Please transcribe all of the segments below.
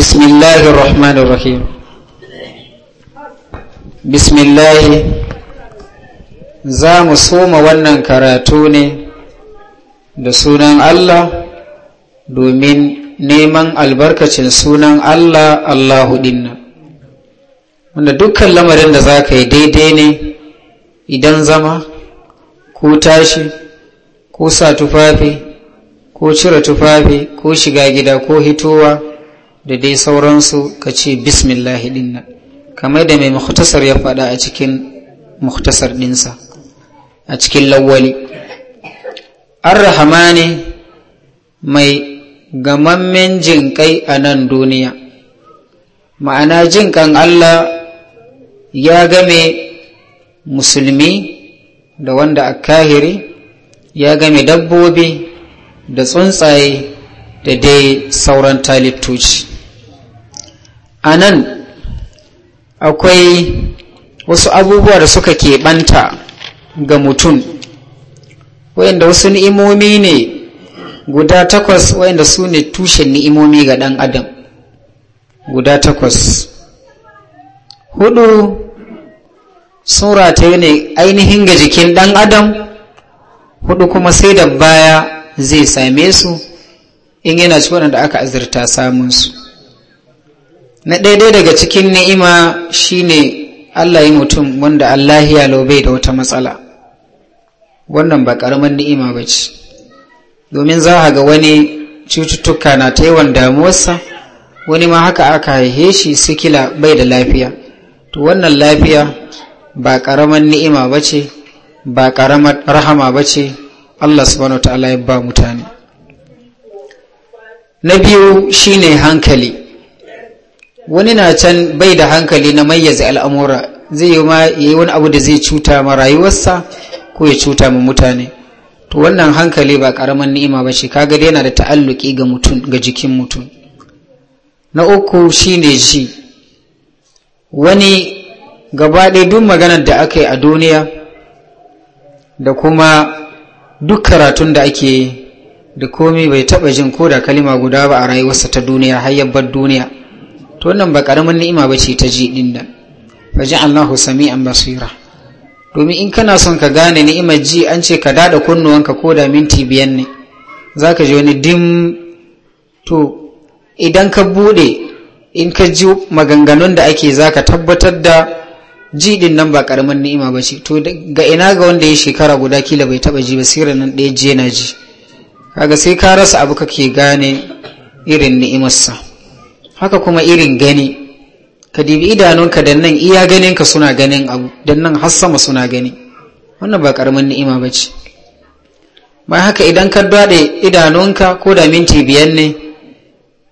بسم الله الرحمن الرحيم بسم الله za mu soma wannan karatu ne da sunan Allah domin neman albarkacin sunan Allah Allahu dinna wanda dukkan lamarin da za ka yi daidai ne idan zama ko tashi ko sa tufafi ko cire tufafi ko shiga gida ko hitowa da dai sauransu ka ce bismillahi dinna kamar da mai muhtasar ya faɗa a cikin muhtasar ɗinsa a cikin lawwali rahama ne mai gamammen jinƙai a nan duniya ma'ana jinƙan Allah ya game musulmi da wanda a kahiri ya game dabbobi da tsuntsaye da dai sauran talittoci a nan akwai wasu abubuwa da suka keɓanta ga mutum wayanda wasu ni'imomi ne guda takwas wayanda su ne tushen ni'imomi ga ɗan adam guda takwas hudu sun rataye ne ainihin ga jikin ɗan adam hudu kuma sai da baya zai same su in yana ci waɗanda aka azurta samunsu na daidai daga cikin ni'ima shine Allah yi mutum wanda Allah ya lobe da wata matsala wannan ba ƙaramin ni'ima ba ce domin za a ga wani cututtuka na ta yawan damuwarsa wani ma haka aka haihe shi sikila bai da lafiya to wannan lafiya ba ƙaramin ni'ima ba ce ba ƙaramin rahama ba ce Allah subhanahu wa ta'ala ya ba mutane na biyu shine hankali wani na can bai da hankali na mayyaza al'amura zai yi ma yi wani abu da zai cuta ma rayuwarsa ko ya cuta ma mutane to wannan hankali ba karaman ni'ima ba ce kaga yana da ta'alluki ga mutum ga jikin mutum na uku shine ji wani gaba ɗaya duk maganar da aka yi a duniya da kuma duk karatun da ake yi da komai bai taɓa jin ko da kalima guda ba a rayuwarsa ta duniya har yabbar duniya to wannan ba karamin ni'ima ba ce ta ji din nan sami sami'an basira domin in kana son ka gane ni'imar ji an ce ka daɗa kunnuwanka ko da minti biyan ne za ka ji wani dim to idan ka bude in ka ji maganganun da ake za ka tabbatar da ji din nan ba karamin ni'ima ba ce to ga ina ga wanda ya shekara guda kila bai taba ji basirar nan ɗaya je na ji kaga sai ka rasa abu kake gane irin ni'imarsa haka kuma irin gani ka dibi idanunka da nan iya ganinka suna ganin abu da nan har sama suna gani wannan ba karamin ni'ima ba ce ba haka idan ka daɗe idanunka ko da minti biyan ne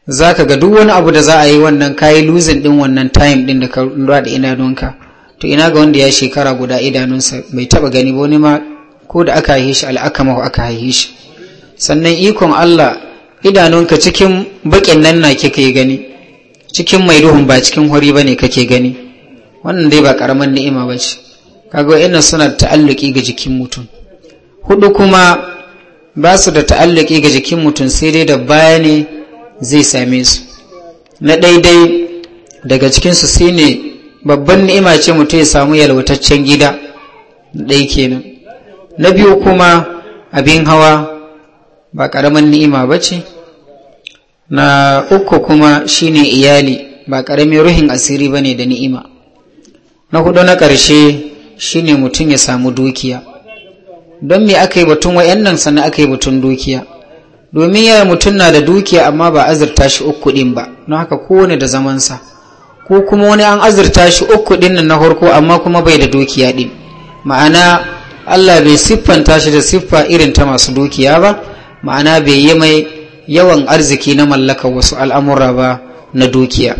za ka ga duk wani abu da za a yi wannan kayi luzin ɗin wannan time ɗin da ka daɗe idanunka to ina ga wanda ya shekara guda idanunsa bai taɓa gani ba wani ma ko da aka haihe shi al'akama aka haihe shi sannan ikon Allah idanunka cikin baƙin nan na kika yi gani cikin mai ruhun ba cikin hori ba ne kake gani wannan dai ba karaman ni'ima ba ce kaga ina suna ta'alluki ga jikin mutum hudu kuma ba su da ta'alluki ga jikin mutum sai dai da baya ne zai same su na daidai daga cikinsu sai ne babban ni'ima ce mutum ya samu yalwataccen gida ɗai kenan na biyu kuma abin hawa ba ƙaramin ni'ima ba ce na uku kuma shine iyali ba ƙaramin ruhin asiri ba ne da ni'ima na hudu na ƙarshe shine mutum ya samu dukiya don me aka yi batun wa'annan sannan aka yi batun dukiya domin yaya mutum na da dukiya amma ba azurta shi uku ɗin ba na haka kowane da zamansa ko kuma wani an azurta shi uku ɗin nan na farko amma kuma bai da dukiya ɗin ma'ana allah bai siffanta shi da siffa irin ta masu dukiya ba ma'ana bai yi mai yawan arziki na mallaka wasu al'amura ba na dukiya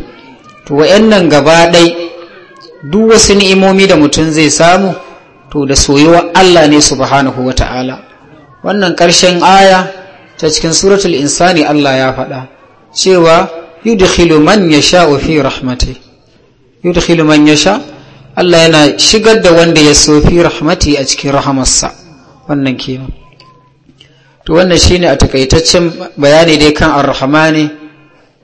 to nan gaba ɗai duk wasu ni'imomi da mutum zai samu to da soyuwa Allah ne subhanahu wa ta'ala wannan ƙarshen aya ta cikin suratul insani Allah ya faɗa cewa yudkhilu man yasha fi rahmati yudkhilu man yasha Allah yana shigar da wanda ya so fi rahmati a cikin rahamarsa wannan kenan to wannan shine a takaitaccen bayani dai kan ar-rahmani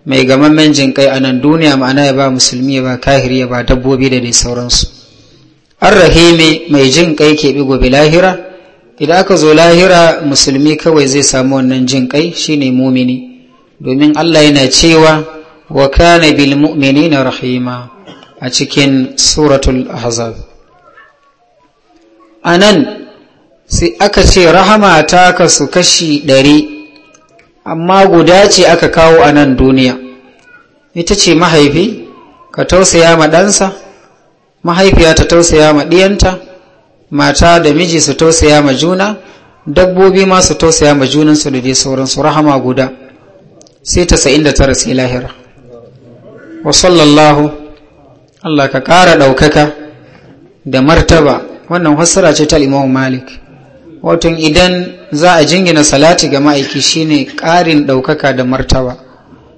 mai gamammen jinkai a nan duniya ma'ana ya ba musulmi ya ba kahiri ya ba dabbobi da dai sauransu ar-rahimi mai kai ke bi gobe lahira idan aka zo lahira musulmi kawai zai samu wannan jin kai shine mumini domin Allah yana cewa wa kana bil mu'minina rahima a cikin suratul ahzab anan sai aka ce rahama ta kasu kashi ɗari amma guda ce aka kawo a nan duniya ita ce mahaifi ka tausaya ma ɗansa mahaifiya ta tausaya ma ɗiyanta mata da miji su tausaya ma juna dabbobi ma su tausaya ma junansu da dai sauransu rahama guda sai ta sain da tara sai lahira wa sallallahu Allah ka ƙara ɗaukaka da martaba wannan hasara ce ta imamu malik watan idan za a jingina salati ga ma'aiki shine ƙarin ɗaukaka da martaba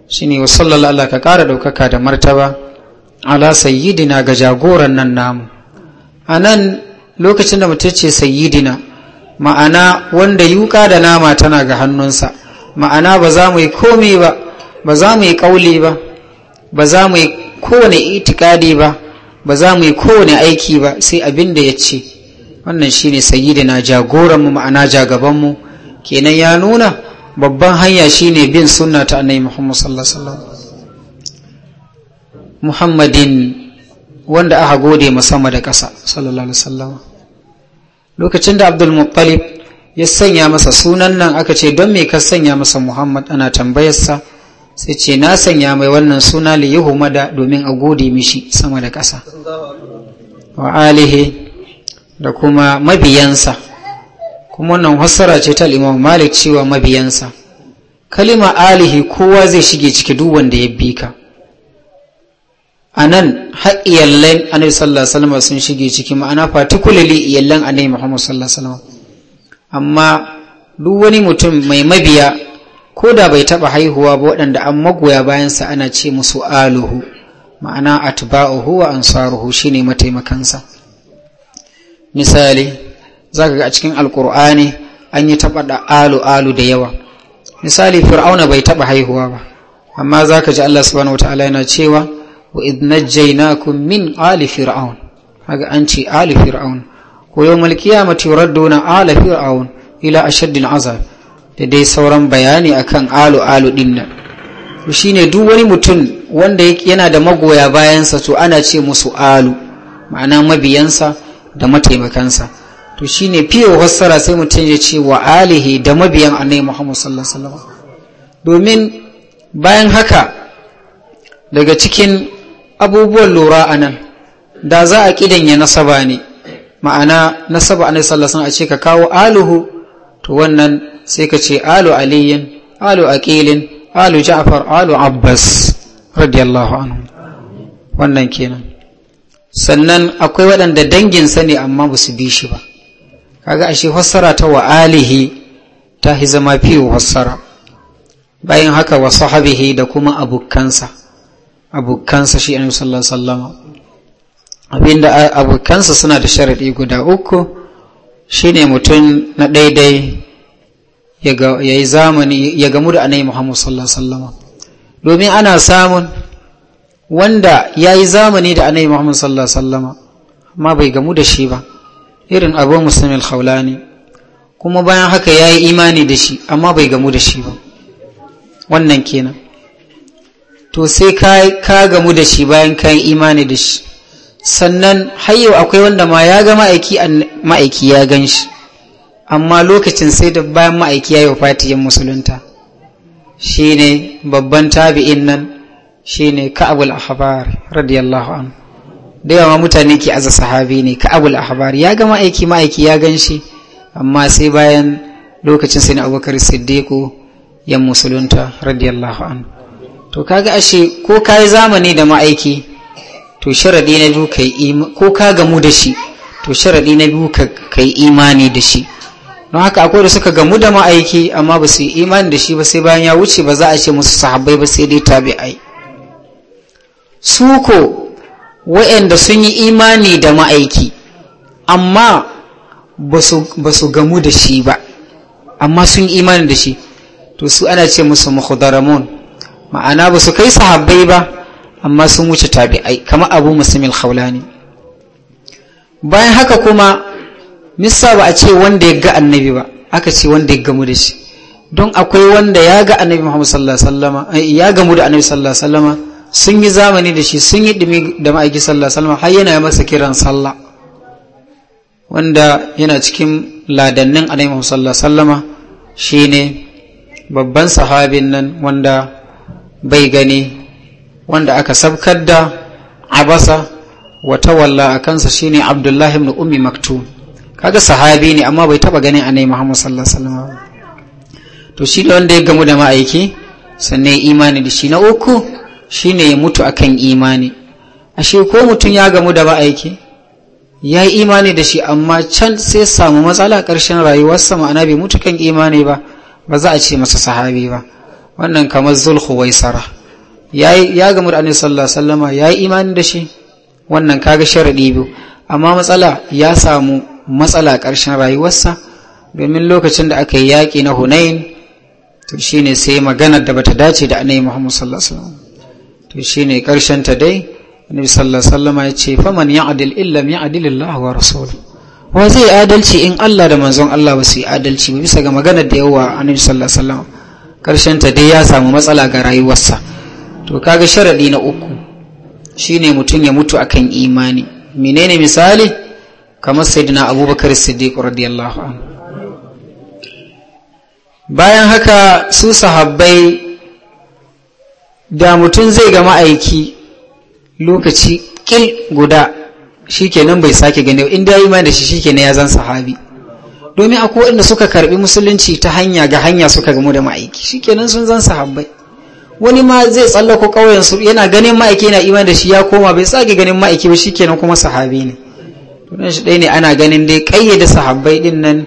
shine wa sallallahu Allah ka ƙara ɗaukaka da martaba ala sayyidina ga jagoran nan namu a nan lokacin da mutum ce sayyidina ma'ana wanda yuka da nama tana ga hannunsa ma'ana ba za mu yi komi ba ba za mu yi ƙauli ba ba za mu yi kowane itikadi ba ba za mu yi kowane aiki ba sai abin da ya ce wannan ne sayyidina jagoran mu ma'ana jagaban mu kenan ya nuna babban hanya shi ne bin sunna ta annai Muhammad sallallahu alaihi Muhammadin wanda aka gode musamma da ƙasa sallallahu alaihi wasallam lokacin da Abdul Muttalib ya sanya masa sunan nan aka ce don me ka sanya masa Muhammad ana tambayarsa sai ce na sanya mai wannan suna li mada domin a gode mishi sama da ƙasa wa alihi da kuma mabiyansa kuma wannan hassara ce ta imam malik cewa mabiyansa kalima alihi kowa zai shige ciki duk wanda ya bi ka a nan yallan annabi sallallahu alaihi wasallam sun shige ciki ma'ana particularly yallan annabi muhammad sallallahu alaihi wasallam amma duk wani mutum mai mabiya ko da bai taɓa haihuwa ba waɗanda an magoya bayansa ana ce musu aluhu ma'ana atba'uhu wa ansaruhu shine mataimakansa misali za ka ga a cikin alkur'ani an yi taɓa da alu alu da yawa misali fir'auna bai taɓa haihuwa ba amma za ka ji allah subhanahu wataala yana cewa wa idh najjaynakum min ali fir'aun kaga an ce ali fir'aun ko malkiya qiyamati yuradduna ala fir'aun ila ashaddil azab da dai sauran bayani akan alu alu din nan shine duk wani mutum wanda yana da magoya bayansa to ana ce musu alu ma'ana mabiyansa da mataimakansa to shine fiye fassara sai mutum ya ce wa alihi da mabiyan annai Muhammad sallallahu alaihi domin bayan haka daga cikin abubuwan lura a nan da za a kidan ya nasaba ne ma'ana nasaba annai sallallahu alaihi a ce ka kawo aluhu to wannan sai ka ce alu aliyin alu aqilin alu ja'far alu abbas radiyallahu anhu wannan kenan sannan akwai waɗanda danginsa ne amma ba su bi shi ba kaga ashe fassara ta wa alihi ta hi zama fiye fassara bayan haka wa sahabihi da kuma abokansa abokansa shi annabi sallallahu alaihi wasallam abinda abokansa suna da sharadi guda uku shine mutum na daidai ya yayi zamani ya gamu da annabi Muhammad sallallahu alaihi wasallam domin ana samun wanda ya yi zamani da annabi muhammad sallallahu alaihi wasallama amma bai gamu da shi ba irin abu muslim al-khawlani kuma bayan haka ya yi imani da shi amma bai gamu da shi ba wannan kenan to sai ka gamu da shi bayan ka yi imani da shi sannan hayyau akwai wanda ma ya ga ma'aiki ma'aiki ya gan shi amma lokacin sai da bayan ma'aiki ya yi fatiyan musulunta shi ne babban tabi'in nan shine ka'abul ahbar radiyallahu anhu da yawa mutane ke aza sahabi ne ka'abul ahbar ya ga ma'aiki ma'aiki ya gan shi amma sai bayan lokacin sai na abubakar siddiqu ya musulunta radiyallahu anhu to kaga ashe ko kayi zamani da ma'aiki to sharadi na biyu kai ko ka gamu da shi to sharadi na biyu ka yi imani da shi don haka akwai da suka gamu da ma'aiki amma ba su yi imani da shi ba sai bayan ya wuce ba za a ce musu sahabbai ba sai dai tabi'ai Suko wa'anda sun yi imani da ma'aiki amma ba su gamu da shi ba amma sun yi imani da shi to su ana ce musu mahudaramun ma'ana ba su kai sahabbai ba amma sun wuce tabi'ai kama abu musulmin haulani bayan haka kuma nisa ba a ce wanda ya ga annabi ba aka ce wanda ya gamu da shi don akwai wanda ya ga annabi sallallahu alaihi wasallama ya gamu da annabi sallallahu alaihi wasallama sun yi zamani da shi sun yi ɗumi da ma'aiki sallah salma har yana masa kiran sallah wanda yana cikin ladannin alaihi sallah sallama shi ne babban sahabin nan wanda bai gani wanda aka sabkar da abasa wata walla a kansa shine abdullahi ibn ummi maktum kaga sahabi ne amma bai taba ganin annabi muhammad sallallahu alaihi wasallam to shi da wanda ya gamu da ma'aiki sannan imani da shi na uku Shi ne ya mutu a kan imani ashe ko mutum ya gamu da ma'aiki ya yi imani da shi amma can sai samu matsala ƙarshen rayuwarsa ma'ana bai mutu kan imani ba ba za a ce masa sahabi ba wannan kamar zulhu Sara ya gamu da annabi sallallahu alaihi wasallama ya yi imani da shi wannan kaga sharadi biyu amma matsala ya samu matsala ƙarshen rayuwarsa domin lokacin da aka yi yaƙi na hunain to shine sai maganar da bata dace da annabi muhammad sallallahu alaihi wasallam to shine karshen ta dai annabi sallallahu alaihi ya ce faman ya'dil ya ya'dilillahu wa rasuluhu wa zai adalci in Allah da manzon Allah ba su yi adalci ba bisa ga maganar da yawa annabi sallallahu alaihi wasallam karshen ta dai ya samu matsala ga rayuwarsa to kaga sharadi na uku shine mutum ya mutu akan imani menene misali kamar sayyidina Abubakar Siddiq radiyallahu anhu bayan haka su sahabbai da mutum zai ga ma'aiki lokaci kil guda shikenan bai sake gani in da mai da shi shikenan ya zan sahabi domin akwai wanda suka karbi musulunci ta hanya ga hanya suka gamu da ma'aiki shikenan sun zan sahabbai wani ma zai tsallako ƙauyen su yana ganin ma'aiki yana iman da shi ya koma bai sake ganin ma'aiki ba shikenan kuma sahabi ne tunan shi ne ana ganin dai da sahabbai din nan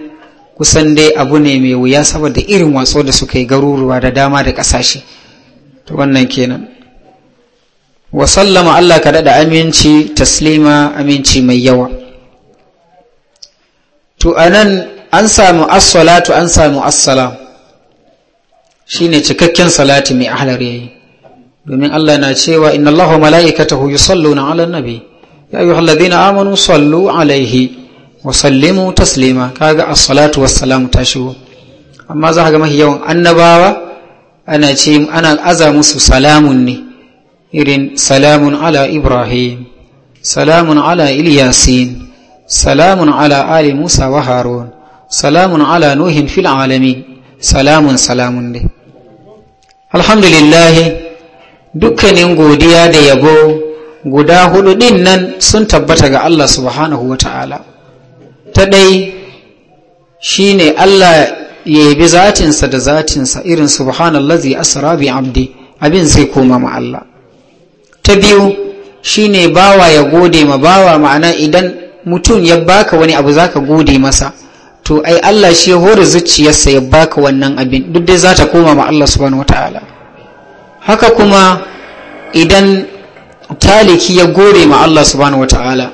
kusan dai abu ne mai wuya saboda irin watsuwa da suka yi garuruwa da dama da kasashe to wannan kenan wa sallama Allah ka daɗa aminci taslima aminci mai yawa to anan an samu as-salatu an samu as-salam shine cikakken salati mai ahlar yayi domin Allah na cewa inna Allahu mala'ikatahu yusalluna 'alan nabi ya ayyuhalladhina amanu sallu 'alaihi wa sallimu taslima kaga as-salatu was salamu ta shigo amma za ka ga mahi yawan annabawa ana ce ana aza musu salamun ne irin salamun ala ibrahim salamun ala ilyasin salamun ala ali musa wa harun salamun ala nuhin fil alamin salamun salamun ne alhamdulillah dukkanin godiya da yabo guda hudu din nan sun tabbata ga Allah subhanahu wa ta'ala ta ɗai shi ne Allah ya yabi zatinsa da zatinsa irin subhanallazi asra bi abdi abin zai koma ma Allah ta biyu shine bawa ya gode ma bawa ma'ana idan mutum ya baka wani abu zaka gode masa to ai Allah shi ya hore zuciyarsa ya baka wannan abin duk dai za koma ma Allah subhanahu wataala haka kuma idan taliki ya gode ma Allah subhanahu wataala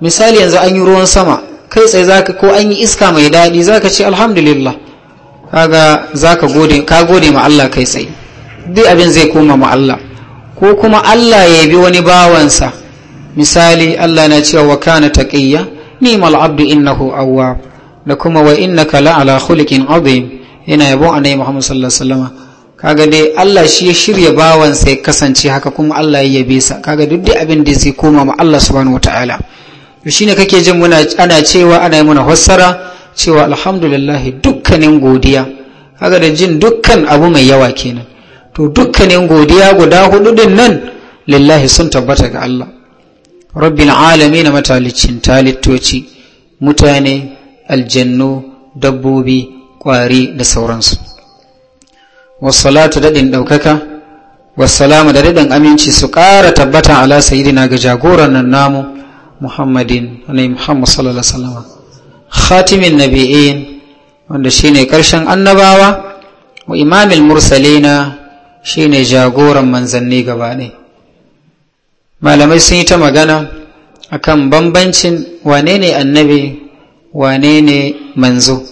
misali yanzu an yi ruwan sama kai tsaye zaka ko an yi iska mai daɗi zaka ce alhamdulillah kaga zaka gode ka gode ma Allah kai tsaye duk abin zai koma ma Allah ko kuma Allah ya bi wani bawansa misali Allah na cewa wa kana taqiyya ni'mal abdu innahu awwab da kuma wa innaka ala khuliqin azim yana yabo annabi Muhammad sallallahu alaihi wasallam kaga dai Allah shi ya shirya bawansa ya kasance haka kuma Allah ya yabe sa kaga duk da abin da zai koma ma Allah subhanahu wataala to shine kake jin muna ana cewa ana yi muna fassara cewa alhamdulillahi dukkanin godiya haka da jin dukkan abu mai yawa kenan to dukkanin godiya guda hudu din nan lillahi sun tabbata ga Allah rabbil na matalicin talittoci mutane aljannu dabbobi kwari da sauransu wassalatu daɗin ɗaukaka wassalamu da daɗin aminci su ƙara tabbata ala sayidina ga jagoran nan namu muhammadin wani muhammad sallallahu alaihi khatimin nabi'in wanda shine karshen annabawa wa imamil mursalina shine jagoran manzanni gaba malamai sun yi ta magana akan bambancin wane ne annabi wane ne manzo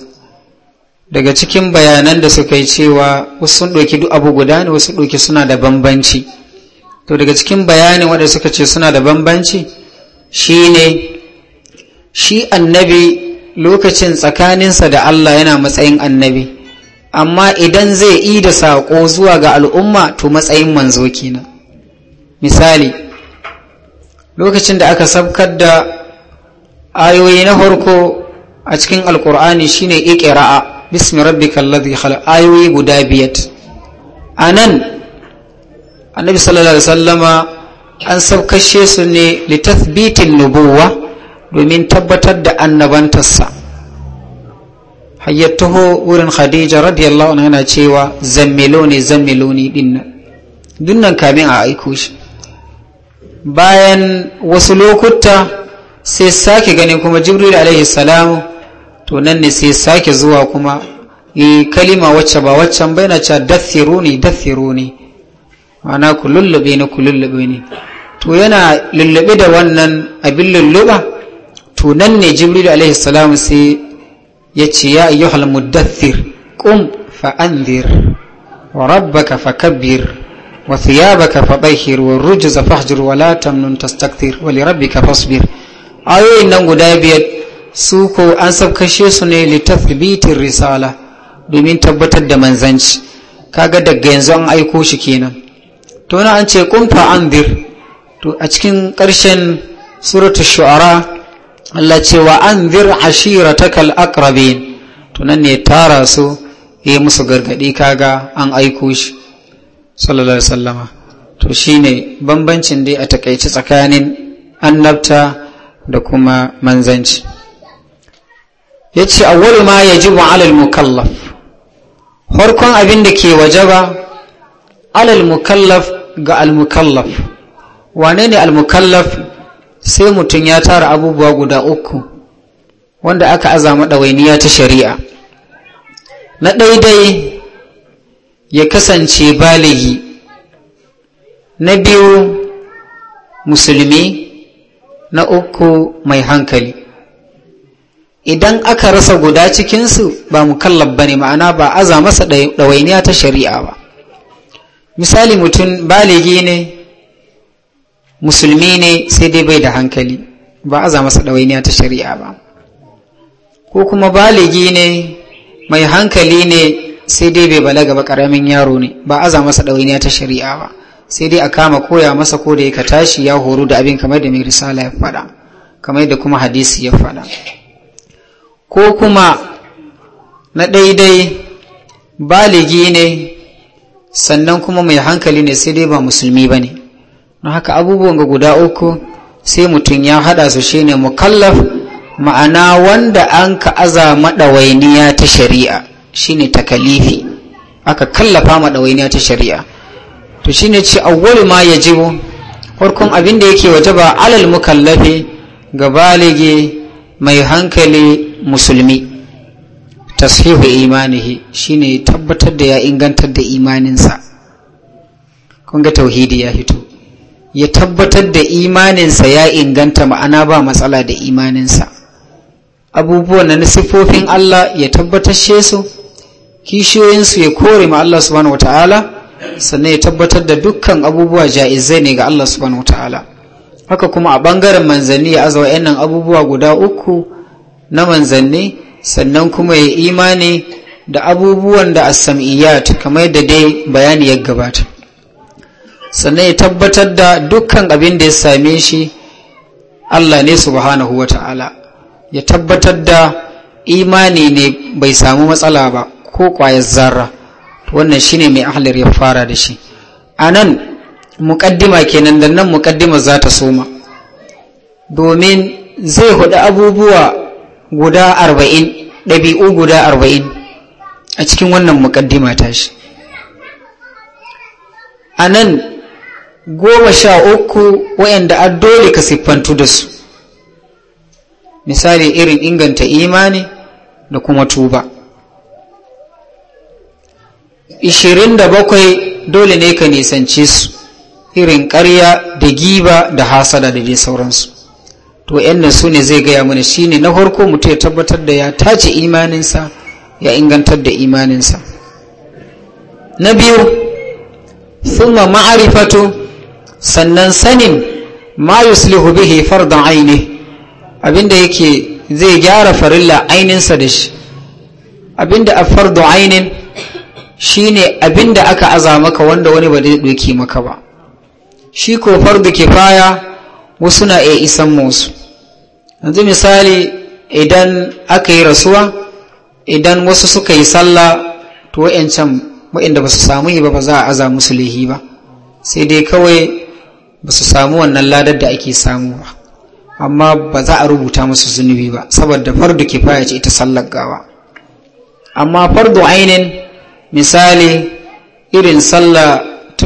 daga cikin bayanan da suka yi cewa wasu sun ɗauki duk abu guda ne wasu ɗauki suna da bambanci to daga cikin bayanin wanda suka ce suna da bambanci shine shi annabi lokacin tsakaninsa da Allah yana matsayin annabi amma idan zai yi da saƙo zuwa ga al'umma to matsayin manzo kenan misali lokacin da aka sabkar da ayoyi na farko a cikin alkur'ani shine iƙira'a, bismi rabbikal ladhi khalaq ayoyi guda biyat anan annabi sallallahu alaihi wasallama an sabkashe su ne litathbitin nubuwa domin tabbatar da annabantarsa taho wurin khadija radiyallahu anha yana cewa zammelo ne zammelo ne dinnan dunnan kamin a aiko shi bayan wasu lokuta sai sake ganin kuma jibril alaihi salamu to nan ne sai sake zuwa kuma yi kalima wacce ba waccan bai na cewa dathiru ne dathiru ne ma'ana ku lullube ne ku lullube ne to yana lullube da wannan abin lulluba to nan ne jibril alaihi salam sai ya ce ya ayyuhal muddathir qum fa anzir wa rabbaka fakabbir wa thiyabaka fatahhir wa rujza fahjur wa la tamnun tastakthir wa li rabbika fasbir ayoyin nan guda biyar su ko an sabkashe su ne bitin risala domin tabbatar da manzanci kaga daga yanzu an aiko shi kenan to na an ce qum fa anzir to a cikin ƙarshen suratul shu'ara Allah ce wa an zir ashira ta kal'akrabin tunan ne tara su yi eh, musu gargaɗi kaga an aiko shi sallallahu alaihi sallama to shi ne bambancin dai a takaici tsakanin annabta da kuma manzanci ya ce awwal ma ya ji alal mukallaf farkon abin da ke ba alal mukallaf ga al mukallaf wane ne al sai mutum ya tara abubuwa guda uku wanda aka azama ɗawainiya ta shari'a na ɗaiɗai ya kasance baligi na biyu musulmi na uku mai hankali idan aka rasa guda cikinsu ba mukallab ba ne ma'ana ba aza masa ɗawainiya ta shari'a ba misali mutum baligi ne musulmi ne sai dai bai da hankali ba a za masa ɗawainiya ta shari'a ba ko kuma baligi ne mai hankali ne sai dai bai balaga ba ƙaramin yaro ne ba a za masa ɗawainiya ta shari'a ba sai dai a kama koya masa ko da ka tashi ya horo da abin kamar da mai risala ya faɗa kamar da kuma hadisi ya faɗa ko kuma na daidai baligi ne sannan kuma mai hankali ne sai dai ba musulmi ba ne don haka abubuwan ga guda uku sai mutum ya haɗa su shine mukallaf ma'ana wanda an ka aza maɗawainiya ta shari'a shine takalifi aka kallafa maɗawainiya ta shari'a to shine ce awwalu ma yajibu farkon abin da yake wajaba alal mukallafi ga balige mai hankali musulmi tashihu imanihi shine tabbatar da ya ingantar da imaninsa kun ga tauhidi ya fito ya tabbatar da imaninsa ya inganta ma'ana ba matsala da imaninsa abubuwan na nasifofin Allah ya tabbatar su kishiyoyinsu ya kore ma Allah subhanahu wata'ala sannan ya tabbatar da dukkan abubuwa ja'izai ne ga Allah subhanahu wata'ala haka kuma a ɓangaren manzanni ya azawa nan abubuwa guda uku na manzanni sannan kuma ya imani da abubuwan da a as kamar da dai bayani ya gabata sannan ya tabbatar da dukkan abin da ya same shi Allah ne subhanahu wa ta'ala ya tabbatar da imani ne bai samu matsala ba ko ƙwayar zarra wannan shine mai ahalar ya fara da shi a nan muƙaddima kenan da nan muƙaddima za ta soma domin zai hudu abubuwa guda arba'in ɗabi'u guda arba'in a cikin wannan muƙaddima tashi a nan goma sha uku wa'yanda a dole ka siffantu da su misali irin inganta imani da kuma tuba ishirin da bakwai dole ne ka nisance su irin karya da giba da hasada da dai sauransu to wa'yannan su ne zai gaya mana shine na farko mutum ya tabbatar da ya tace imaninsa ya ingantar da imaninsa na biyu thumma ma'arifatu sannan sanin ma yuslihu bihi fardan aini abinda yake zai gyara farilla aininsa da shi abinda a fardu ainin shine abinda aka aza maka wanda wani ba zai doki maka ba shi ko fardu kifaya wasu na iya isan musu yanzu misali idan aka yi rasuwa idan wasu suka yi sallah to wa'yancan wa'yanda ba su samu yi ba ba za a aza musu lihi ba sai dai kawai ba su samu wannan ladar da ake samu ba amma ba za a rubuta musu zunubi ba saboda fardu kifaya ce ita sallar gawa amma fardu ainin misali irin sallah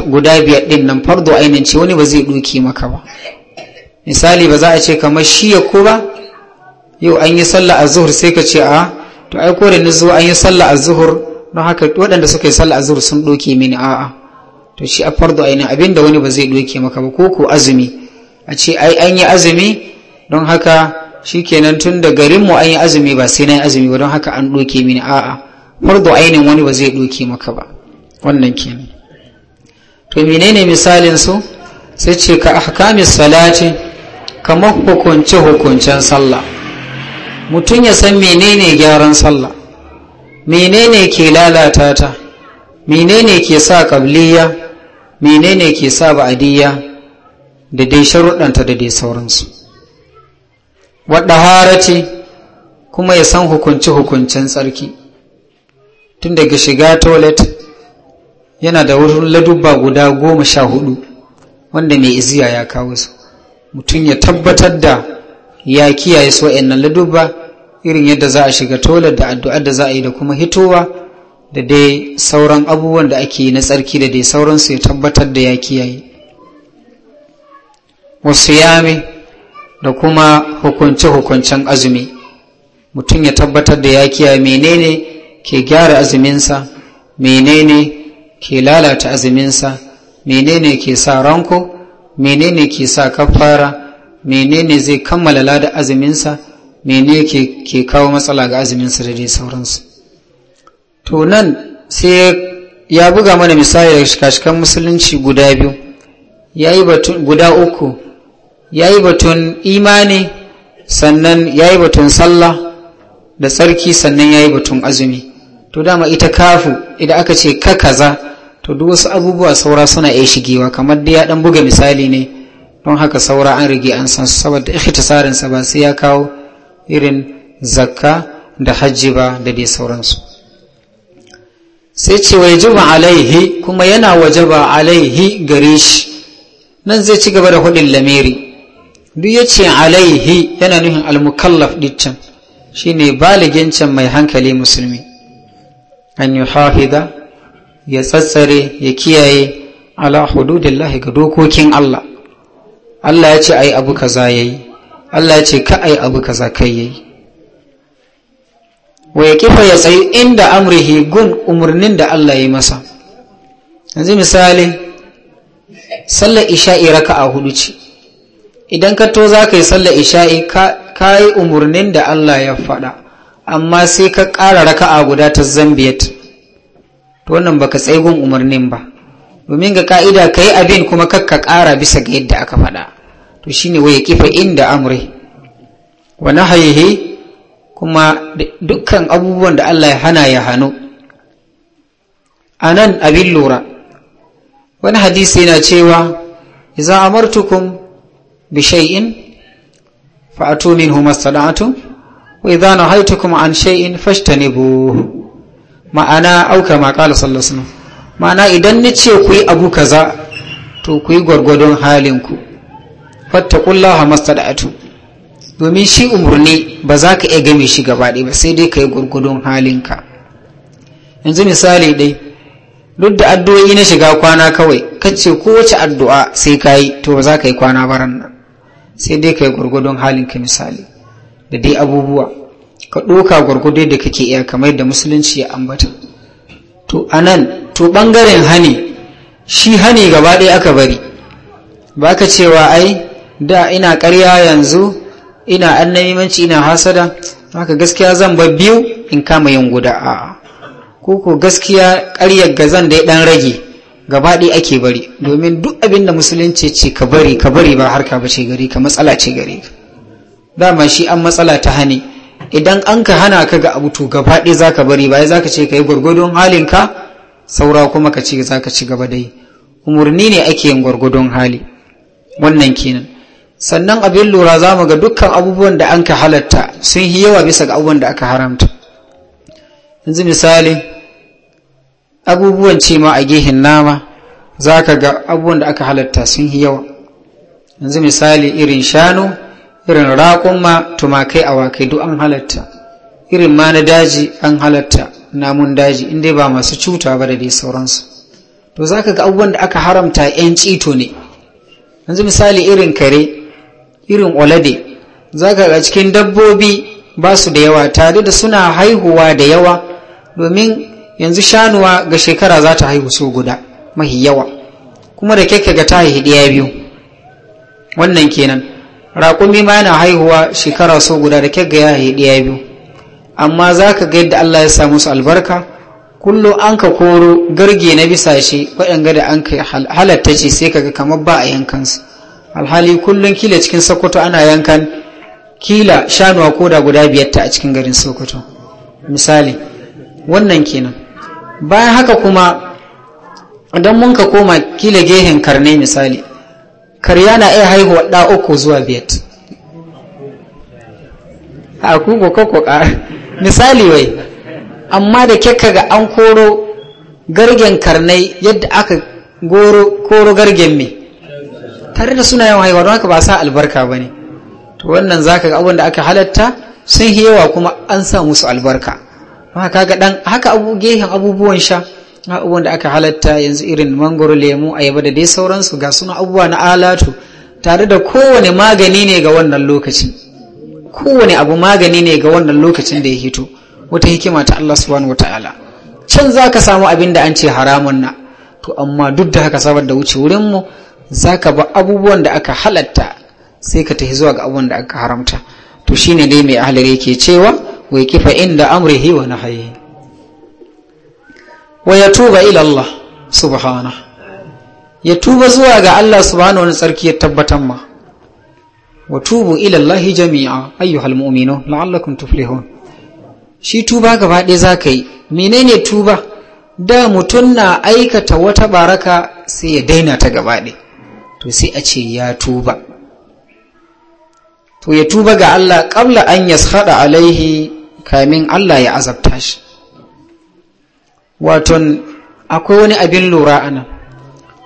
guda biyar din nan fardu ainin ce wani ba zai duki maka ba misali ba za a ce kamar shi ya ko ba yau an yi sallah azhur sai ka ce a to ai ko da ni zuwa an yi sallah azhur don haka waɗanda suka yi sallah azhur sun doke mini a'a to shi a fardu yana abinda wani ba zai doke maka ba ko ko azumi a ce ai an yi azumi don haka shi kenan tun da garinmu an yi azumi ba sai na yi azumi ba don haka an doke mini a'a fardu ainihin wani ba zai doke maka ba wannan kenan to menene misalin su sai ce ka ahkamis salati kamar hukunce hukuncen sallah mutum ya san menene gyaran sallah menene ke lalata ta menene ke sa kabliya menene ke sa ba'adiyya da dai sharuɗanta da dai sauransu wadda harace kuma ya san hukunci hukuncin tsarki tun daga shiga toilet yana da wurin ladubba guda goma sha hudu wanda mai iziya ya kawo su mutum ya tabbatar da ya kiyaye su nan ladubba irin yadda za a shiga toilet da addu'ar da za a yi da kuma hitowa da dai sauran abubuwan da ake na tsarki da dai sauransu ya tabbatar da ya kiyaye wasu yami da kuma hukunce-hukuncen azumi mutum ya tabbatar da ya kiyaye menene ke gyara azuminsa menene ke lalata azuminsa menene ke sa ranko menene ke sa kafara menene zai kammala lada azuminsa menene ke kawo matsala ga azuminsa da dai sauransu to nan sai ya buga mana misali da shikashikan musulunci guda biyu yi batun guda uku ya yi batun imani sannan ya yi batun sallah da tsarki sannan ya yi batun azumi to dama ita kafu idan aka ce ka kaza to duk wasu abubuwa saura suna iya shigewa kamar da ya dan buga misali ne don haka saura an rige an san saboda sa ba sai ya kawo irin zakka da hajji ba da dai sauransu sai ce wa yajiba alaihi kuma yana wajaba alaihi gare shi nan zai ci gaba da hudin lamiri duk ya ce alaihi yana nufin almukallaf Shi shine baligin can mai hankali musulmi an yi hafiza ya tsatsare ya kiyaye ala hududillahi ga dokokin Allah Allah ya ce ai abu kaza yayi Allah ya ce ka ai abu kaza kai yayi wa kifa ya tsayi inda amrihi gun umarnin da Allah ya masa yanzu misali sallar isha'i raka a hudu ce idan ka to za ka yi sallar isha'i ka yi umarnin da Allah ya faɗa amma sai ka ƙara raka a guda ta zambiyat to wannan baka tsayi gun umarnin ba domin ga ka'ida ka yi abin kuma kakka kara bisa ga yadda aka faɗa to shine wa kifa inda amri wa nahayihi kuma dukkan abubuwan da Allah ya hana ya hannu a nan abin lura wani hadisi yana cewa iza amartukum bi shay'in atu minhu mastata'tum wa idza nahaitukum an shay'in fashtanibu ma'ana auka ma qala sallallahu alaihi wasallam ma'ana idan nace ku yi abu kaza to ku yi gurgurdon halinku fattaqullaha mastata'tum domin shi umarni ba za ka iya game shi gabaɗe ba sai dai ka yi gurgudun halinka yanzu misali dai duk da addu'o'i na shiga kwana kawai kace kowace addu'a sai ka yi to ba za ka yi kwana baran nan sai dai ka yi gurgudun halinka misali da dai abubuwa ka ɗoka gurgudu da kake iya kamar da musulunci ya ambata to a nan, to ɓangaren hani shi hani gabaɗe aka bari ba ka cewa ai da ina ƙarya yanzu ina manci ina hasada haka gaskiya zan bar biyu in kama yin guda a ko gaskiya ƙaryar ga zan dai ɗan rage gabaɗi ake bari domin duk abin da musulunci ce ka bari ka bari ba harka ba ce gari ka matsala ce gari dama shi an matsala ta hani, idan an ka hana ka ga abu to gabaɗi za ka bari ba za ka ce ka yi gwargwadon halinka saura kuma ka ce za ka ci gaba dai umarni ne ake yin gwargwadon hali wannan kenan sannan abin lura za mu ga dukkan abubuwan da an ka halatta sun yi yawa bisa ga abubuwan da aka haramta yanzu misali abubuwan cima a gehin nama za ka ga abubuwan da aka halatta sun yi yawa yanzu misali irin shanu irin raƙon ma tumakai awakai duk an halatta irin ma na daji an halatta namun daji inda ba masu cuta ba da dai sauransu to za ka ga abubuwan da aka haramta 'yan cito ne yanzu misali irin kare irin olade za ka ga cikin dabbobi ba su da yawa tare da suna haihuwa da yawa domin yanzu shanuwa ga shekara za ta haihu su guda mahi yawa kuma da kyakka ga ta haihu ɗaya biyu wannan kenan raƙumi ma yana haihuwa shekara so guda da kyakka ya haihu ɗaya biyu amma za ka ga yadda Allah ya sa musu albarka kullo an ka koro garge na bisashe waɗanga da an ka halatta ce sai kaga kamar ba a yankansu alhali kullum kila cikin sokoto ana yankan kila shanuwa ko da guda biyarta a cikin garin sokoto misali wannan kenan bayan haka kuma idan mun ka koma kila gehen karne misali karya na iya haihuwa ɗa uku zuwa biyat a kuma koko misali wai amma da keka ga an koro gargen karnai yadda aka koro gargen mai tare da suna yawan haihuwa don haka ba sa albarka ba ne to wannan za ka ga abin da aka halatta sun yawa kuma an sa musu albarka haka ga dan haka abu gehen abubuwan sha abubuwan da aka halatta yanzu irin mangoro lemu ayaba da dai sauransu ga suna abubuwa na alatu tare da kowane magani ne ga wannan lokacin. kowane abu magani ne ga wannan lokacin da ya hito wata hikima ta Allah subhanahu wataala can zaka samu abin da an ce haramun na to amma duk da haka saboda wuce wurin mu za ka ba abubuwan da aka halatta sai ka tafi zuwa ga abubuwan da aka haramta to shine dai mai ahalar ke cewa wai kifa inda amrihi wa nahayi wa ya tuba ila Allah subhana ya tuba zuwa ga Allah subhana wani tsarki ya tabbatar ma wa tubu ila Allah jami'a ayyuhal mu'minun la'allakum tuflihun shi tuba gaba ɗaya za ka yi menene tuba da mutum na aikata wata baraka sai ya daina ta gaba ɗaya to sai a ce ya tuba to ya tuba ga Allah ƙabla an haɗa alaihi kamin Allah ya azabta shi waton akwai wani abin lura ana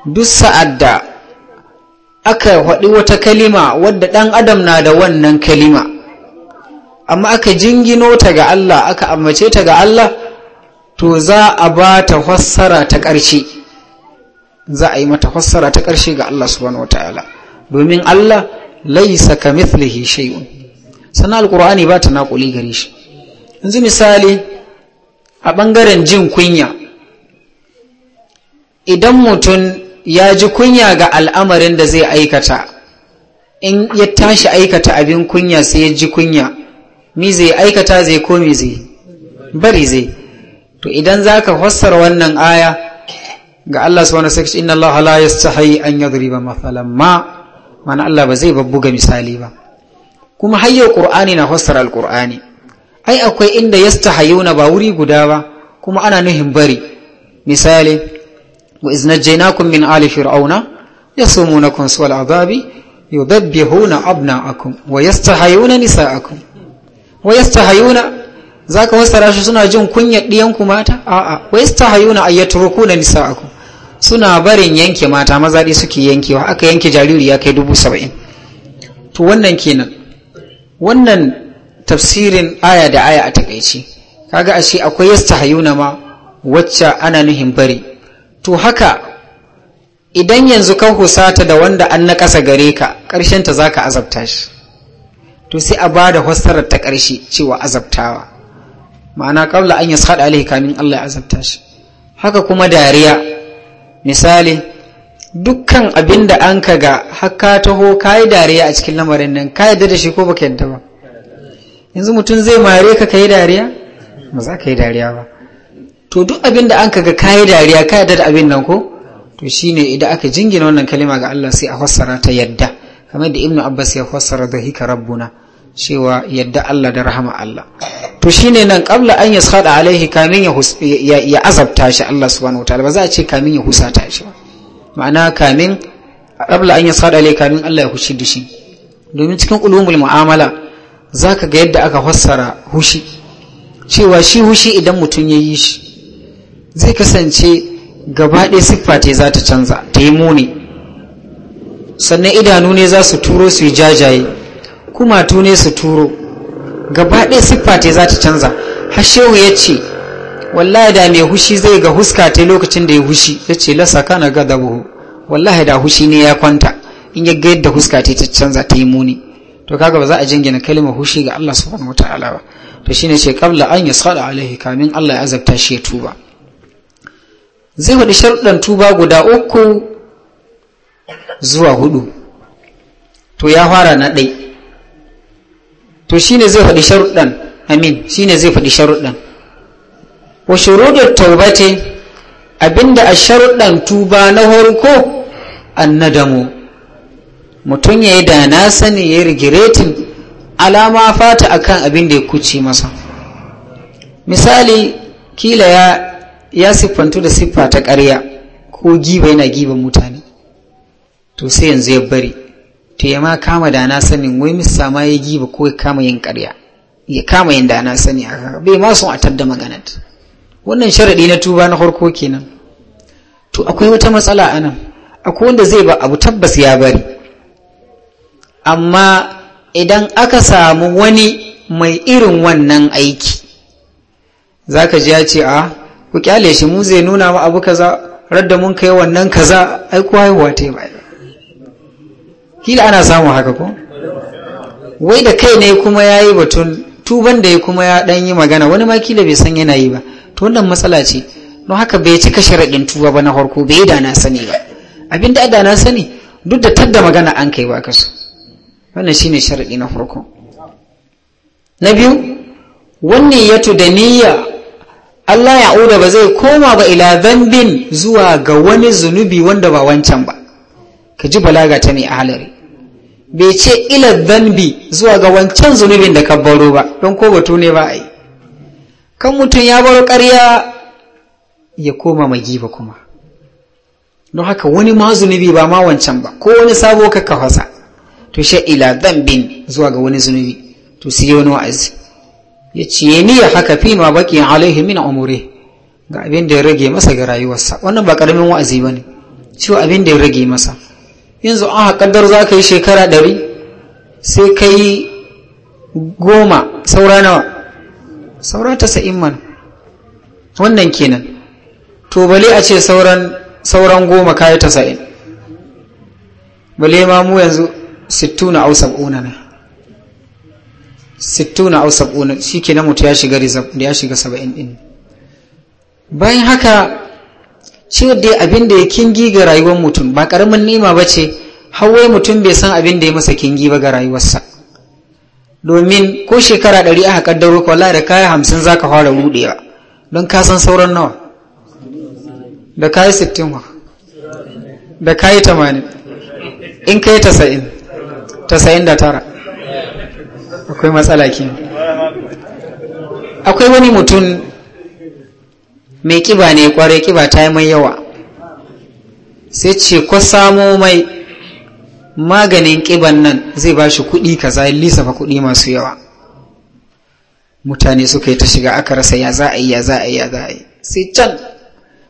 duk sa'ad da aka haɗi wata kalima wadda ɗan adam na da wannan kalima amma aka jingino ta ga Allah aka ammace ta ga Allah to za a ba ta fassara ta ƙarshe za a yi mata fassara ta ƙarshe ga Allah subhanahu wataala domin Allah laisa mithlihi shay'un sannan alqur'ani ba ta naƙuli gare shi yanzu misali a bangaren jin kunya idan mutum ya ji kunya ga al'amarin da zai aikata in ya tashi aikata abin kunya sai ya ji kunya mi zai aikata zai komi zai bari zai to idan zaka fassara wannan aya ga Allah wani sakci inna Allah la yastahi an yadriba mathalan ma mana Allah ba zai babbuga misali ba kuma hayyar Qur'ani na fassara Alƙur'ani. ai akwai inda yastahayuna ba wuri guda ba kuma ana nuhin bari misali wa iznajjaynakum min ali fir'auna yasumunakum su'al azabi yudabbihuna abna'akum wa yastahayuna nisa'akum wa yastahayuna zaka fassara shi suna jin kunyar diyan ku mata a'a wa yastahayuna nisa nisa'akum suna barin yanke mata maza dai suke yankewa aka yanke jariri ya kai dubu saba'in to wannan kenan wannan tafsirin aya da aya a takaici kaga ashe akwai yasta hayuna ma wacce ana nuhin bari to haka idan yanzu ka husata da wanda an na ƙasa gare ka ƙarshenta za ka azabta shi to sai a ba da ta ƙarshe cewa azabtawa ma'ana ƙaula an yashaɗa alaihi kamin allah ya azabta shi haka kuma dariya misali dukkan abin da an ka ga haka taho ka yi dariya a cikin lamarin nan ka yadda da shi ko baka yadda ba yanzu mutum zai mare ka ka yi dariya ba za ka yi dariya ba to duk abin da an ka ga ka yi dariya ka yadda da abin nan ko to ne idan aka jingina wannan kalima ga Allah sai a fassara ta yadda kamar da ibnu Abbas ya fassara da rabbuna cewa yadda Allah da rahama Allah to shine nan qabla an yaskhada alaihi kamin ya azabta shi Allah subhanahu wataala ba za a ce kamin ya husata shi ba ma'ana kamin qabla an yaskhada alaihi kamin Allah ya hushi dishi domin cikin ulumul mu'amala zaka ga yadda aka fassara hushi cewa shi hushi idan mutum ya yi shi zai kasance gaba ɗaya siffa ta za ta canza ta yi muni sannan idanu ne za su turo su yi jajaye kumatu ne su turo gaba ɗaya siffa ta za ta canza hashehu ya ce wallahi da mai hushi zai ga huska ta lokacin da ya hushi ya ce lasa kana ga buhu wallahi da hushi ne ya kwanta in ya ga yadda huska ta canza ta yi muni to kaga ba za a jingina kalmar hushi ga Allah subhanahu wataala ba to shine ce qabla an yasqala alaihi kamin Allah ya azabta shi ya tuba zai hudu sharuɗan tuba guda uku zuwa hudu to ya fara na ɗai to shine zai faɗi sharuɗan amin shine zai faɗi sharuɗan wa shuruɗut taubati abinda a sharuɗan tuba na horko annadamu mutum ya yi da na sani ya yi rigiretin alama fata akan abin da ya kuce masa misali kila ya ya siffantu da siffa ta ƙarya ko giba yana giban mutane to sai yanzu ya bari to ya ma kama da na sanin wai misa ma ya giba ko ya kama yin karya ya kama yin da na sani a bai ma son a maganat wannan sharaɗi na tuba na farko kenan to akwai wata matsala a nan akwai wanda zai ba abu tabbas ya bari amma idan aka samu wani mai irin wannan aiki za ka ji ya ce a ah, ku kyale shi mu zai nuna ma abu kaza radda mun kai wannan kaza ai kuwa haihuwa ta yi kila ana samun haka ko wai da kai ne kuma ya yi batun tuban da ya kuma ya dan yi magana wani ma kila bai san yana yi ba to wannan matsala ce don haka bai cika sharaɗin tuba ba na harko bai da na sani ba abin da da na sani duk da tadda magana an kai ba kasu wannan shine sharaɗi na harko. na biyu wannan tu da niyya Allah ya uda ba zai koma ba ila zambin zuwa ga wani zunubi wanda ba wancan ba ka ji balaga ta mai ahalari bai ce ila zanbi zuwa ga wancan zunubin da ka baro ba don ko batu ne ba ai kan mutum ya baro ƙarya ya koma mai ba kuma don haka wani ma zunubi ba ma wancan ba ko wani sabo ka kafasa to sha ila zanbin zuwa ga wani zunubi to sai wani wa'azi ya ce ni ya haka fi ma baki alaihi min umure ga abin da ya rage masa ga rayuwarsa wannan ba karamin wa'azi bane cewa abin da ya rage masa yanzu an haƙaddar za ka yi shekara ɗari sai ka yi goma saura nawa saura tasa'in man wannan kenan to bale a ce sauran goma kayi tasa'in bale ma mu yanzu na au sab'una na na au sab'una shi ke na mutu ya shiga saba'in ɗin bayan haka ciyar dai abin da ya kingi ga rayuwar mutum ba ƙaramin nima ba ce hawaye mutum bai san abin da ya masa kingi ba ga rayuwarsa domin ko shekara ɗari aka kaddaro ka wallahi da kaya hamsin za ka fara buɗewa, don ka san sauran nawa da kayi sittin wa, da kayi tamanin in kai tasa'in tasa'in da tara akwai matsala akwai wani mutum mai kiba ne kwarai kiba ta yi mai yawa sai ce ko samo mai maganin kiban nan zai ba shi kuɗi za ya lissafa kuɗi masu yawa mutane suka yi ta shiga aka rasa ya za a yi ya za a yi ya za a yi sai can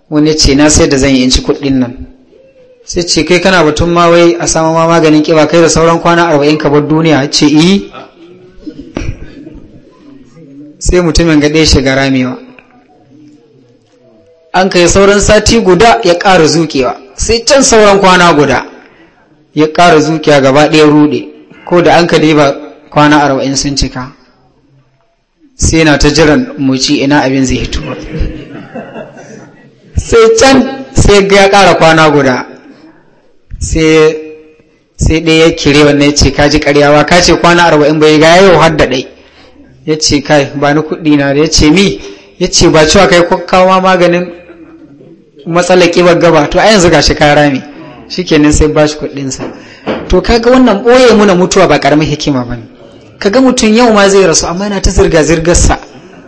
wani ce na sai da zan yi inci ci kuɗin nan sai ce kai kana batun ma wai a samu ma maganin kiba kai da sauran kwana arba'in ka bar duniya ce yi eh. sai mutumin gaɗe shiga ramewa an kai sauran sati guda ya ƙara zuƙewa sai can sauran kwana guda ya ƙara zuƙewa gaba ɗaya rude ko da an ka ba kwana arba'in sun cika sai na ta jiran muci ina abin zai hito sai can sai ya ƙara kwana guda sai ɗaya ya kire wannan ya ce ka ji karyawa ka ce kwana arba'in bai ga yau har da ɗai ya ce kai ba ni kuɗi na da ya ce mi ya ce ba cewa kai kawo maganin matsalaki kibar gaba to a yanzu gashi ka shi kenan sai bashi kuɗin sa to kaga wannan boye muna mutuwa ba karamin hikima ba ne kaga mutum yau ma zai rasu amma yana ta zirga zirgarsa.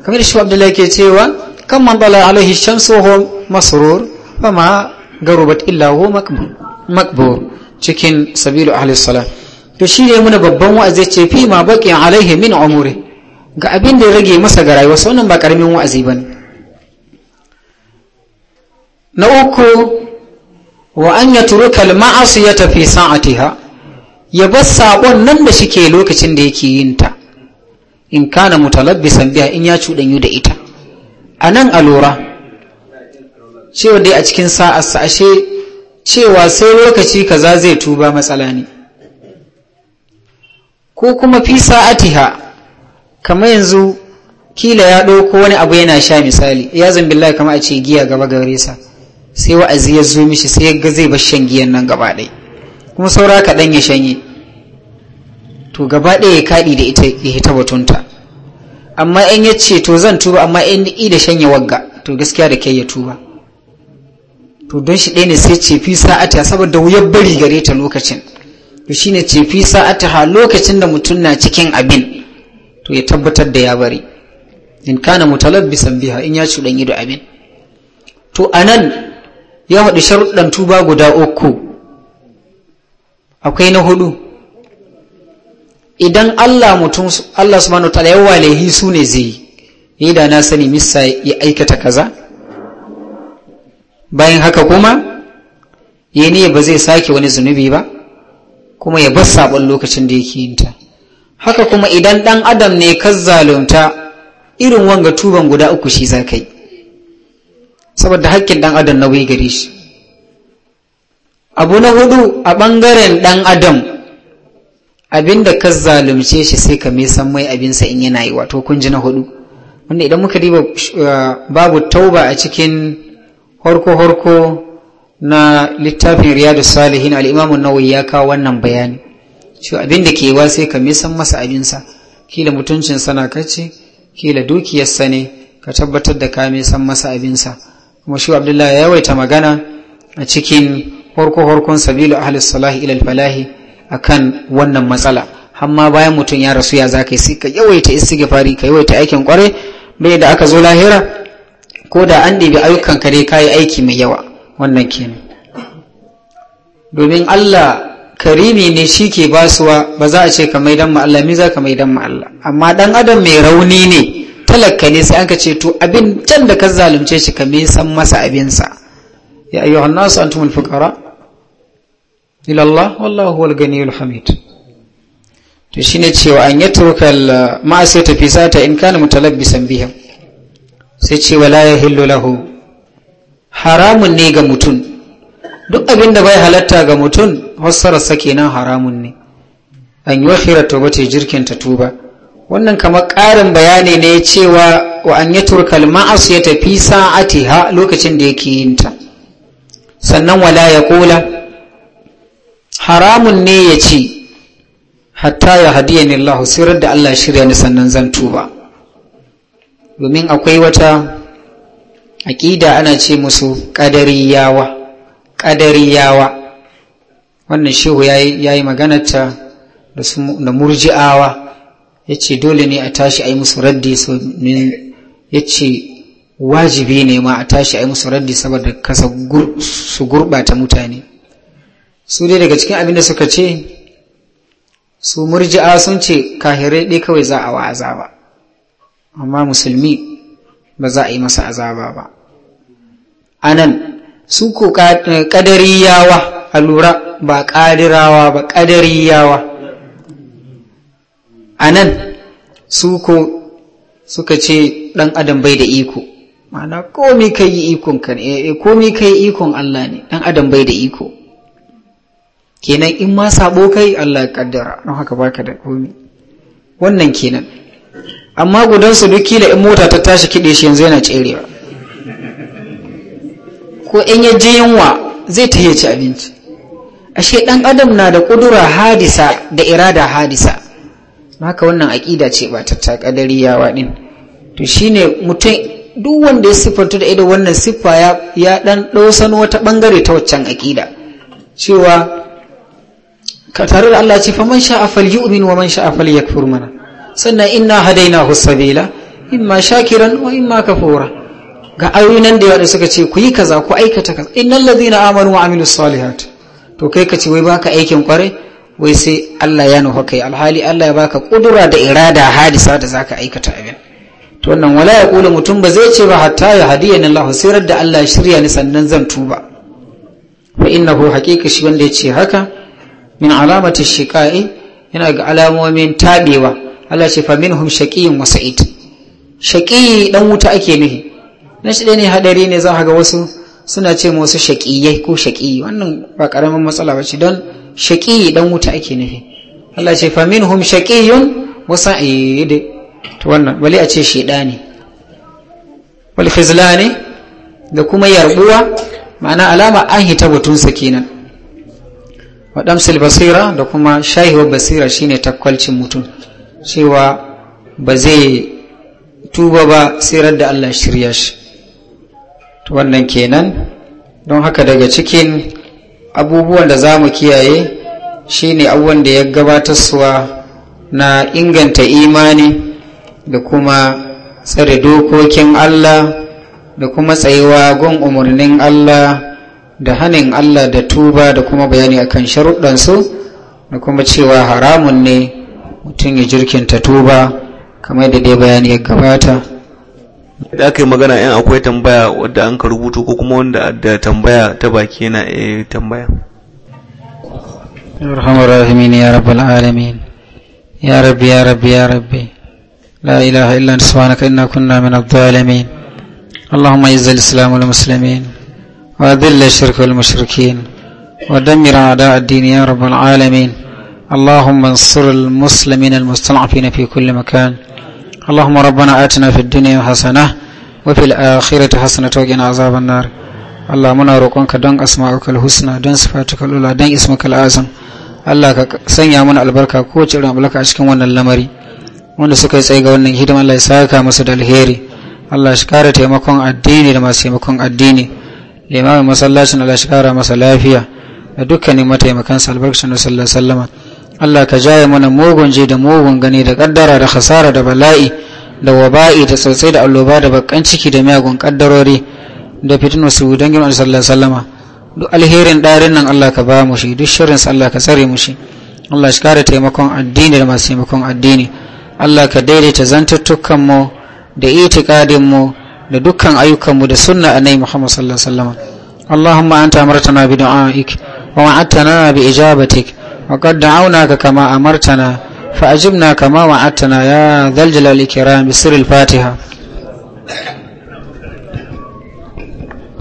kamar da shi Abdullahi ke cewa kan man dala alaihi shamsu hu masrur fa ma garubat illa hu makbur cikin sabilu ahli salat to shi ne muna babban wa'azi ce fi ma baqi alaihi min umuri ga abin da ya rage masa ga rayuwa wannan ba karamin wa'azi ba bane na uku wa an ya turukal ma'asu ya tafi sa'atiha ya bar sabon nan da shike lokacin da yake yin ta in kana mutalabbisan biya in ya cuɗanyu da ita a nan a lura cewa dai a cikin sa'arsa ashe cewa sai lokaci kaza zai tuba matsala ne ko kuma fi sa'atiha kamar yanzu kila ya ɗauko wani abu yana sha misali ya zambillahi kama a ce giya gaba gare sa sai wa'azi ya zo mishi sai ya ga zai bar shan giyan nan gaba ɗaya kuma saura kaɗan ya shanye to gaba ɗaya ya kaɗi da ita ya hita batunta amma in ya ce to zan tuba amma in i da shanye wagga to gaskiya da kai ya tuba to don shi ɗaya ne sai ce fi sa'ata saboda wuyar bari gare ta lokacin to shine ce fi sa'ata ha lokacin da mutum na cikin abin to ya tabbatar da ya bari in kana mutalabbisan biha in ya cuɗan ido abin to anan ya faɗi sharuɗan tuba guda uku akwai na hudu idan Allah mutum Allah subhanahu wa ta'ala ya walehi su ne zai ni da na sani missa ya aikata kaza bayan haka kuma ya ne ba zai sake wani zunubi ba kuma ya bar sabon lokacin da yake yinta haka kuma idan dan adam ne ka zalunta irin wanga tuban guda uku shi za saboda hakkin ɗan adam na wai gare shi abu na hudu a ɓangaren ɗan adam abinda ka zalunce shi sai ka mai san mai abinsa in yana yi wato kun ji na hudu wanda idan muka riba uh, babu tauba a cikin horko-horko na littafin riyadu salihin al'imamun nawawi ya kawo wannan bayani shi abinda ke wa sai ka mai san masa abinsa kila mutuncin sana kace kila dukiyarsa ne ka tabbatar da ka mai san masa abinsa mashi abdullah abdullahi ya yawaita magana a cikin horko-horkon sabilu ahli salahi ilal falahi kan wannan matsala hamma bayan mutum ya rasu ya zaka yi ka yawaita ka yawaita aikin kware bai da aka zo lahira ko da an ɗebi ayyukan ka kayi aiki mai yawa wannan kenan domin Allah karimi ne shi ke basuwa ba za a ce ka maidan ma Allah mi za ka maidan ma Allah amma ɗan adam mai rauni ne talaka ne sai an ka ce to abin can da ka zalunce shi ka san masa abinsa ya ayyu nasu antumul fuqara ila Allah wallahu wal ganiyul hamid to shine cewa an ma sai ta fi sata in kana mutalabbisan biha sai ce wala yahillu lahu haramun ne ga mutum duk abin da bai halatta ga mutum fassararsa kenan haramun ne an yi wahira toba jirkin ta tuba wannan kamar ƙarin bayani ne cewa wa an yi turkal ma'as ya tafi ha lokacin da yake yin ta sannan wala ya kula haramun ne ya ce hatta ya hadiya ni Allah sirar da Allah shirya ni sannan zan tuba domin akwai wata aƙida ana ce musu ƙadariyawa yawa, wannan shehu ya yi maganarta da murji'awa ya ce dole ne a tashi a yi musu raddi ya ce wajibi ne ma a tashi a yi musu raddi saboda kasa su gurɓata mutane su dai daga cikin abin da suka ce su murji'a sun ce kahirai ɗai kawai za a wa azaba amma musulmi ba za a yi masa azaba ba anan su ko ƙadariyawa a lura ba ƙadirawa ba ƙadariyawa a nan su ko suka ce ɗan adam bai da iko Mana komi ka yi ikon ka ne eh, komi ka yi ikon Allah ne ɗan adam bai da iko kenan in ma sabo kai Allah ya kaddara don haka baka da komi wannan kenan amma gudansu duk kila in mota ta tashi kiɗe shi yanzu yana tserewa ko in ya je yunwa zai ta ci abinci ashe ɗan adam na da ƙudura hadisa da irada hadisa haka wannan aƙida ce ba ta yawa ɗin to shi ne mutum duk wanda ya siffanta da ido wannan siffa ya ɗan ɗosan wata ɓangare ta waccan aƙida cewa ka tare da Allah ce fa man yi falyu'min wa man sha'a falyakfur mana sannan inna hadainahu sabila imma shakiran wa imma kafura ga ayoyin da yawa suka ce ku yi kaza ku aikata kaza innal ladhina amanu wa amilus salihat to kai ka ce wai baka aikin kwarai wai sai Allah ya nufa kai alhali Allah ya baka kudura da irada hadisa da zaka aikata abin to wannan wala ya kula mutum ba zai ce ba hatta ya hadiyani Allah sirar da Allah shirya ni sannan zan tuba fa innahu haqiqa shi wanda ya ce haka min alamati shiqa'i yana ga alamomin tabewa Allah ce fa minhum shaqiyyun wa sa'id shaqi dan wuta ake nufi na shi ne hadari ne za ga wasu suna ce wasu shaqiyai ko shaqi wannan ba karamin matsala bace don shaƙi dan wuta ake nufi Allah ce fa minhum shaqiyun wa sa'id to wannan wali a ce shedani wal khizlani da kuma yarbuwa ma'ana alama an hita sa kenan wa damsil basira da kuma wa basira shine takwalcin mutum cewa ba zai tuba ba sirar da Allah shirya shi to wannan kenan don haka daga cikin abubuwan da za mu kiyaye shi ne abubuwan da ya gabatarsuwa na inganta imani da kuma tsare dokokin Allah da kuma tsayuwa gun umarnin Allah da hannun Allah da tuba da kuma bayani akan sharuɗansu da kuma cewa haramun ne mutum ya jirkinta tuba kamar da dai bayani ya gabata da aka yi magana in akwai tambaya wadda an ka rubutu ko kuma wanda da tambaya ta baki yana e tambaya arhamar rahimin ya rabbal alamin ya rabbi ya rabbi ya rabbi la ilaha illa anta subhanaka inna kunna min adh-dhalimin اللهم اعز الاسلام والمسلمين واذل الشرك والمشركين ودمر اعداء الدين يا رب العالمين اللهم انصر المسلمين المستضعفين في كل مكان اللهم ربنا آتنا في الدنيا حسنة وفي الآخرة حسنة وقنا عذاب النار Allah muna roƙonka don asma'ukal husna don sifatukal ula don ismukal azam Allah ka sanya mana albarka kowace irin albarka a cikin wannan lamari wanda suka yi tsaye ga wannan hidima Allah ya saka musu da alheri Allah shi kare taimakon addini da masu taimakon addini limamin masallacin Allah shi kara masa lafiya da dukkanin mataimakansa albarkacin Rasulullah sallama Allah ka jaye mana mugun ji da mugun gani da kaddara da khasara da bala'i da waba'i da tsotsai da alloba da bakkan ciki da miyagun kaddarori da fitin wasu dangin Annabi sallallahu sallama duk alherin ɗarin nan Allah ka ba mu shi duk shirin Allah ka tsare mu shi Allah shi kare taimakon addini da masu taimakon addini Allah ka daidaita zantuttukan mu da itikadin mu da dukkan ayyukan mu da sunna annabi Muhammad sallallahu alaihi wasallama Allahumma anta amartana bi du'aik wa wa'adtana bi ijabatik وقد دعوناك كما أمرتنا فأجبنا كما وعدتنا يا ذا الجلال الكرام بسر الفاتحة